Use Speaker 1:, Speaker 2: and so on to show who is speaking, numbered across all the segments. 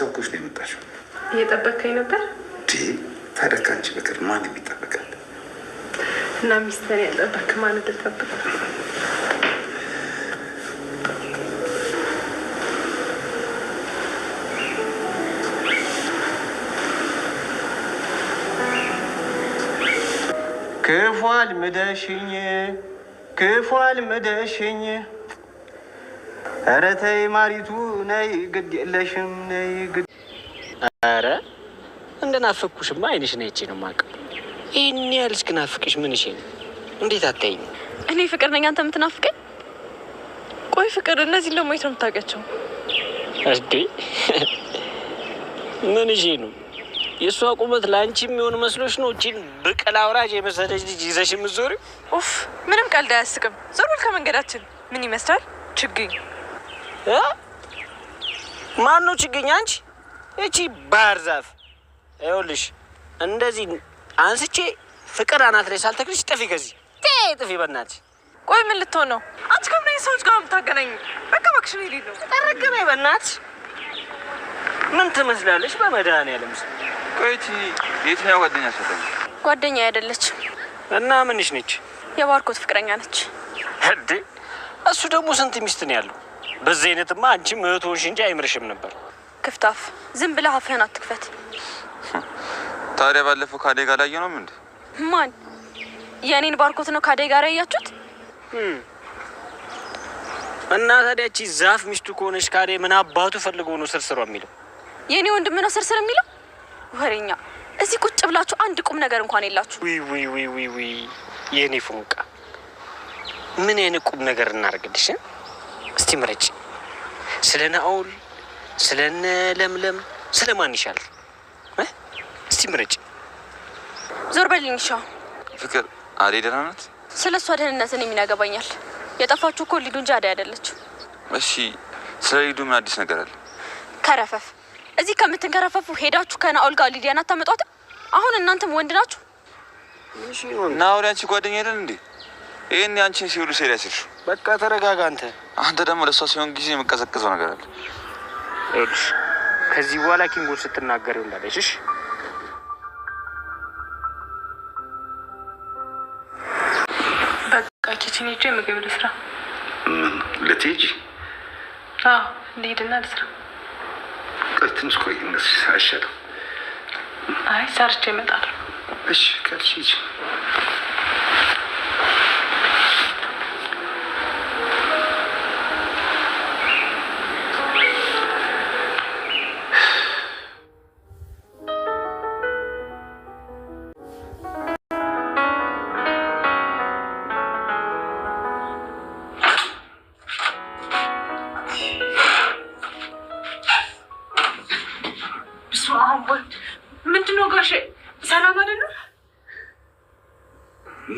Speaker 1: እያሰብኩሽ ነው የመጣሽው።
Speaker 2: እየጠበቅከኝ ነበር።
Speaker 1: ታዲያ ከአንቺ በቀር ማን የሚጠበቃል?
Speaker 2: እና ሚስተር ያልጠበክ ማን ልጠብቅ?
Speaker 1: ክፏል ምደሽኝ፣ ክፏል ምደሽኝ ኧረ ተይ ማሪቱ ነይ፣ ግድ የለሽም ነይ ግድ። ኧረ እንደናፈኩሽማ አይንሽ ነይቼ ነው የማውቀው። ይህን ያህል እስክናፍቅሽ ምን ነው? እንዴት አታይኝ?
Speaker 2: እኔ ፍቅር ነኝ፣ አንተ የምትናፍቀኝ። ቆይ ፍቅር እነዚህ ለሞት ነው የምታውቂያቸው
Speaker 1: እንዴ? ምን ነው? የእሷ ቁመት ለአንቺ የሚሆን መስሎሽ ነው? እቺን ብቅል አውራጅ የመሰለች ልጅ ይዘሽ የምትዞሪው?
Speaker 2: ኡፍ ምንም ቀልድ አያስቅም። ዞር በል ከመንገዳችን። ምን ይመስላል ችግኝ
Speaker 1: ማን ነው ችግኝ? አንቺ እቺ ባህር ዛፍ ይኸውልሽ፣ እንደዚህ አንስቼ ፍቅር አናት ላይ ሳልተክልሽ ጥፊ፣ ከዚህ
Speaker 2: ጥፊ፣ በናት። ቆይ፣ ምን ልትሆን ነው አንቺ? ከምነ ሰዎች ጋር የምታገናኝ በቃ እባክሽ ነው የሌለው
Speaker 1: ተጠረገበ። በናት። ምን ትመስላለች? በመድኃኒዓለም ስም
Speaker 3: ቆይ፣ እቺ የትኛው ጓደኛ ሰጠ?
Speaker 2: ጓደኛ አይደለች
Speaker 1: እና ምንሽ ነች?
Speaker 2: የባርኮት ፍቅረኛ ነች።
Speaker 1: እሱ ደግሞ ስንት ሚስት ነው ያለው? በዚህ አይነትማ አንቺም እህቶሽ እንጂ አይምርሽም ነበር።
Speaker 2: ክፍታፍ ዝም ብለህ አፍህን አትክፈት።
Speaker 3: ታዲያ ባለፈው ካዴ ጋር ላየ ነው ምንድ?
Speaker 2: ማን የእኔን ባርኮት ነው ካዴ ጋር ያያችሁት?
Speaker 1: እና ታዲያቺ ዛፍ ሚስቱ ከሆነች ካዴ ምን አባቱ ፈልጎ ነው ስርስሯ የሚለው?
Speaker 2: የእኔ ወንድም ነው ስርስር የሚለው ወሬኛ። እዚህ ቁጭ ብላችሁ አንድ ቁም ነገር እንኳን የላችሁ።
Speaker 1: ዊ የእኔ ፎንቃ ምን አይነት ቁም ነገር እናደርግልሽ? እስቲ ምረጭ። ስለ ናኦል፣ ስለ እነ ለምለም፣ ስለ ማን ይሻል? እስቲ ምረጭ።
Speaker 2: ዞር በልኝ። ሻ
Speaker 3: ፍቅር አዴ ደህና ናት?
Speaker 2: ስለ እሷ ደህንነት እኔ ምን ያገባኛል? የጠፋችሁ እኮ ሊዱ እንጂ አዴ አይደለችም።
Speaker 3: እሺ ስለ ሊዱ ምን አዲስ ነገር አለ?
Speaker 2: ከረፈፍ እዚህ ከምትንከረፈፉ ሄዳችሁ ከናኦል ጋር ሊዲያን አታመጧት። አሁን እናንተም ወንድ ናችሁ።
Speaker 3: ናኦል ያንቺ ጓደኛ አይደል እንዴ? ይህን ያንቺን ሲውሉ ሴሪያ ስልሹ
Speaker 1: በቃ ተረጋጋ። አንተ
Speaker 3: አንተ ደግሞ ለእሷ ሲሆን ጊዜ የምቀዘቅዘው ነገር አለ።
Speaker 1: ኤልሽ ከዚህ በኋላ ኪንጎን ስትናገር ይውላለች። እሺ
Speaker 2: በቃ ኪችን ሄጄ ምግብ ልስራ። ልትሄጂ? አዎ ልሄድና ልስራ።
Speaker 1: ቆይ ትንሽ ቆይ አይሻልም?
Speaker 2: አይ ሰርቼ እመጣለሁ።
Speaker 1: እሺ ከልሽ ሂጂ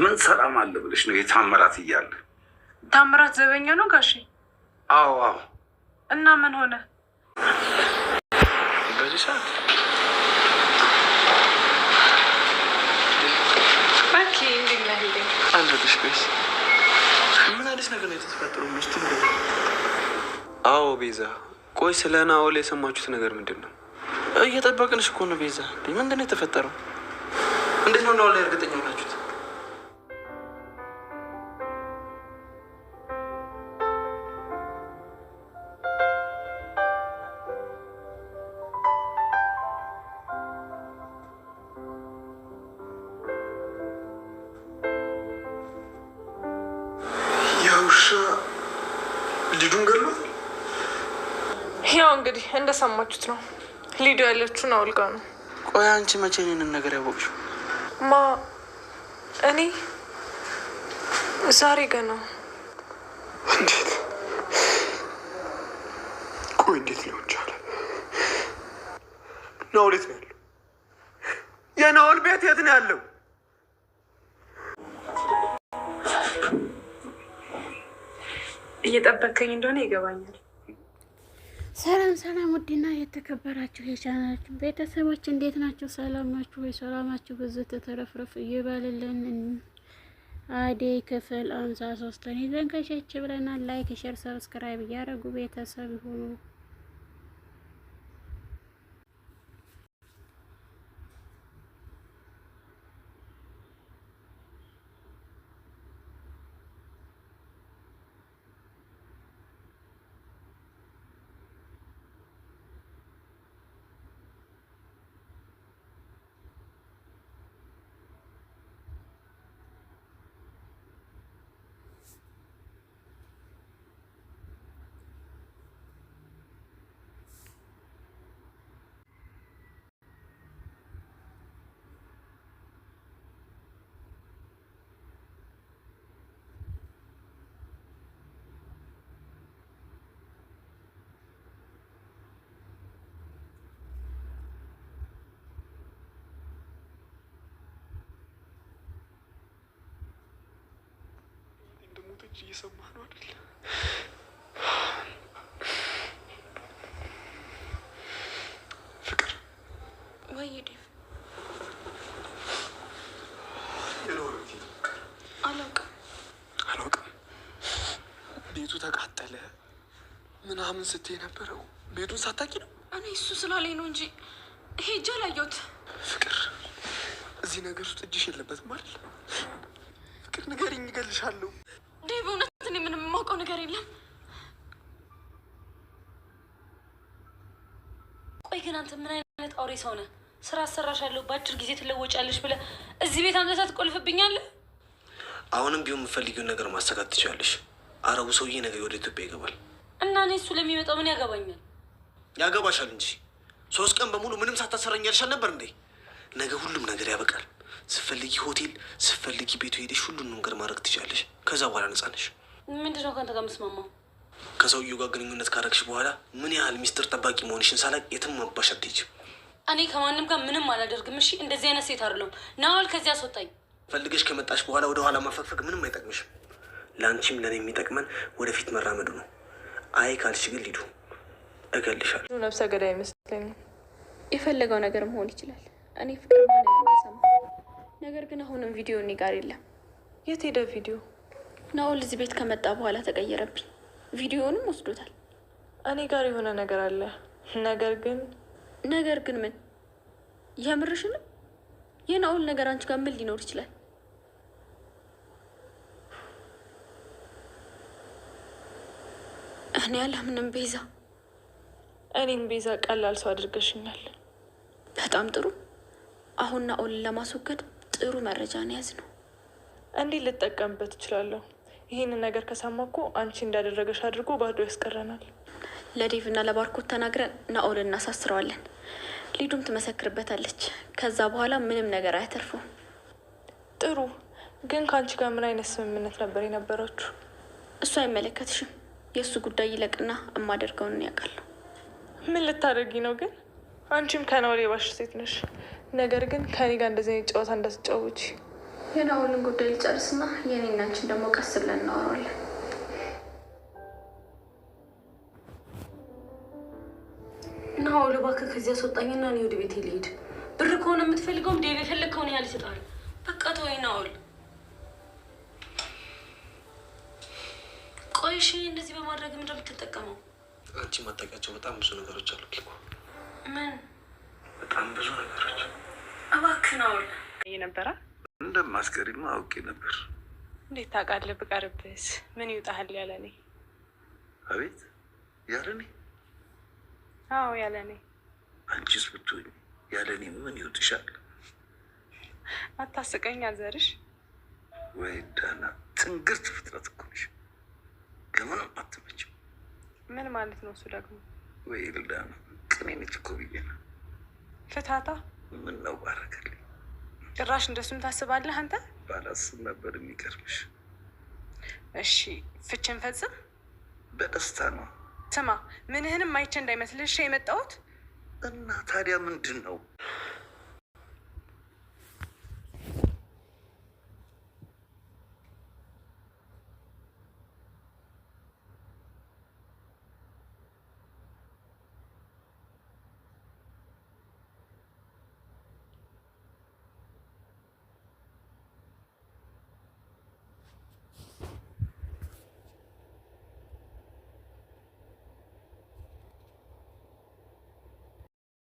Speaker 1: ምን ሰላም አለ ብለሽ ነው? የታምራት እያለ
Speaker 2: ታምራት ዘበኛ ነው ጋሺ አዎ አዎ። እና ምን ሆነ?
Speaker 3: በዚህ ሰዓት ቤስ ምን አዲስ ነገር ነው የተፈጠረው? አዎ ቤዛ፣ ቆይ ስለ ናኦል የሰማችሁት ነገር ምንድን ነው? እየጠበቅንሽ እኮ ነው ቤዛ። ምንድን ነው የተፈጠረው? እንዴት ነው ናኦል ላይ እርግጠኛ ሆናችሁት?
Speaker 1: ልጁን ገሉ።
Speaker 2: ያው እንግዲህ እንደሰማችሁት ነው። ሊዱ ያለችውን አውልጋ ነው።
Speaker 1: ቆይ አንቺ መቼ እኔንን ነገር ያወቅሽው?
Speaker 2: ማ እኔ ዛሬ ገና።
Speaker 1: እንዴት ቆይ እንዴት ሊሆን ቻለ? ናውሌት ነው ያለው። የናውል ቤት የት ነው ያለው?
Speaker 2: እየጠበከኝ እንደሆነ ይገባኛል። ሰላም ሰላም፣ ውድና የተከበራችሁ የቻናላችን ቤተሰቦች እንዴት ናቸው ሰላም ናችሁ ወይ? ሰላማችሁ ብዙ ተተረፍረፍ እየባልልን አዴይ ክፍል አምሳ ሶስትን ይዘን ከሸች ብለናል። ላይክ፣ ሸር፣ ሰብስክራይብ እያደረጉ ቤተሰብ ይሁኑ።
Speaker 1: ልጅ እየሰማህ ነው አይደል? ፍቅር
Speaker 2: ወይ ዴቭ አላውቅም
Speaker 1: አላውቅም ቤቱ ተቃጠለ ምናምን ስትይ ነበረው ቤቱን ሳታቂ ነው።
Speaker 2: እኔ እሱ ስላለኝ ነው እንጂ ሄጄ ላየሁት።
Speaker 1: ፍቅር እዚህ ነገር ውስጥ እጅሽ የለበትም አይደል? ፍቅር ንገሪኝ፣ እገልሻለሁ
Speaker 2: ዴቭ፣ እውነት እኔ ምንም የማውቀው ነገር የለም። ቆይ ግን አንተ ምን አይነት አውሬ ሰው ነህ? ስራ አሰራሻለሁ፣ በአጭር ጊዜ ትለወጫለሽ ብለህ እዚህ ቤት አምጥተህ ትቆልፍብኛለህ።
Speaker 1: አሁንም ቢሆን የምፈልጊውን ነገር ማሳካት ትችላለሽ። አረቡ ሰውዬ ነገ ወደ ኢትዮጵያ ይገባል
Speaker 2: እና እኔ እሱ ለሚመጣው ምን ያገባኛል?
Speaker 1: ያገባሻል እንጂ ሶስት ቀን በሙሉ ምንም ሳታሰራኝ ያልሻል ነበር እንዴ? ነገ ሁሉም ነገር ያበቃል። ስፈልጊ ሆቴል፣ ስፈልጊ ቤቱ ሄደሽ ሁሉንም ነገር ማድረግ ትችላለሽ። ከዛ በኋላ ነጻ ነሽ።
Speaker 2: ምንድን ነው ከአንተ ጋር የምስማማው?
Speaker 1: ከሰውየው ጋር ግንኙነት ካረግሽ በኋላ ምን ያህል ሚስጥር ጠባቂ መሆንሽን ሳላቅ የትም አባሽ አትሄጂም።
Speaker 2: እኔ ከማንም ጋር ምንም አላደርግም። እሺ፣ እንደዚህ አይነት ሴት አይደለሁም። ናዋል፣ ከዚያ አስወጣኝ።
Speaker 1: ፈልገሽ ከመጣሽ በኋላ ወደ ኋላ ማፈግፈግ ምንም አይጠቅምሽም። ለአንቺም ለእኔ የሚጠቅመን ወደፊት መራመዱ ነው። አይ ካልሽ ግን ሊዱ እገልሻለሁ።
Speaker 2: ነብሰ ገዳይ ይመስለኛል። የፈለገው ነገር መሆን ይችላል። እኔ ፍቅር ማለት ሰማ። ነገር ግን አሁንም ቪዲዮ እኔ ጋር የለም። የት ሄደ ቪዲዮ? ናኦል እዚህ ቤት ከመጣ በኋላ ተቀየረብኝ። ቪዲዮንም ወስዶታል። እኔ ጋር የሆነ ነገር አለ። ነገር ግን ነገር ግን ምን? የምርሽንም የናኦል ነገር አንቺ ጋር ምን ሊኖር ይችላል? እኔ አላምንም ቤዛ። እኔም ቤዛ ቀላል ሰው አድርገሽኛል። በጣም ጥሩ አሁን ናኦልን ለማስወገድ ጥሩ መረጃ ነው ነው። እንዴት ልጠቀምበት እችላለሁ? ይህንን ነገር ከሰማ እኮ አንቺ እንዳደረገሽ አድርጎ ባዶ ያስቀረናል። ለዴቭ እና ለባርኮት ተናግረን ናኦል እናሳስረዋለን። ሊዱም ትመሰክርበታለች። ከዛ በኋላ ምንም ነገር አያተርፈውም። ጥሩ ግን ከአንቺ ጋር ምን አይነት ስምምነት ነበር የነበራችሁ? እሱ አይመለከትሽም። የእሱ ጉዳይ ይለቅና እማደርገውን ያውቃለሁ። ምን ልታደርጊ ነው ግን? አንቺም ከናኦል የባሽ ሴት ነሽ። ነገር ግን ከኔ ጋር እንደዚህ አይነት ጨዋታ እንዳትጫወች። የናውልን ጉዳይ ልጨርስና የኔና አንቺን ደግሞ ቀስ ብለን እናወራለን። ናውል እባክህ ከዚህ አስወጣኝና እኔ ወደ ቤት ልሄድ። ብር ከሆነ የምትፈልገው እንደ የፈለግከውን ያህል ይሰጣል። በቃ ተወኝ ናውል። ቆይ እሺ፣ እንደዚህ በማድረግ ምንድን ነው የምትጠቀመው?
Speaker 1: አንቺ ማጠቂያቸው በጣም ብዙ ነገሮች አሉ። ምን በጣም ብዙ ነገሮች
Speaker 2: እባክህ ነው ነበረ
Speaker 1: እንደማስቀሪማ አውቄ ነበር።
Speaker 2: እንዴት ታውቃለህ? ብቀርብስ ምን ይውጣሃል? ያለ እኔ
Speaker 1: አቤት፣ ያለ እኔ? አዎ ያለ እኔ። አንቺስ ብትሆኝ ያለ እኔ ምን ይውጥሻል?
Speaker 2: አታስቀኝ፣ አዘርሽ
Speaker 1: ወይ ዳና፣ ትንግርት ፍጥረት እኮ ነሽ። ለምንም አትመችም።
Speaker 2: ምን ማለት ነው እሱ ደግሞ?
Speaker 1: ወይ ልዳና፣ ቅኔ ነች እኮ ነው ፍታታ ምን ነው ባረከልኝ።
Speaker 2: ጭራሽ እንደሱም ታስባለህ አንተ?
Speaker 1: ባላስብ ነበር የሚገርምሽ።
Speaker 2: እሺ ፍችን ፈጽም
Speaker 1: በደስታ ነው።
Speaker 2: ስማ ምንህንም አይቼ እንዳይመስልሽ የመጣሁት
Speaker 1: እና ታዲያ ምንድን ነው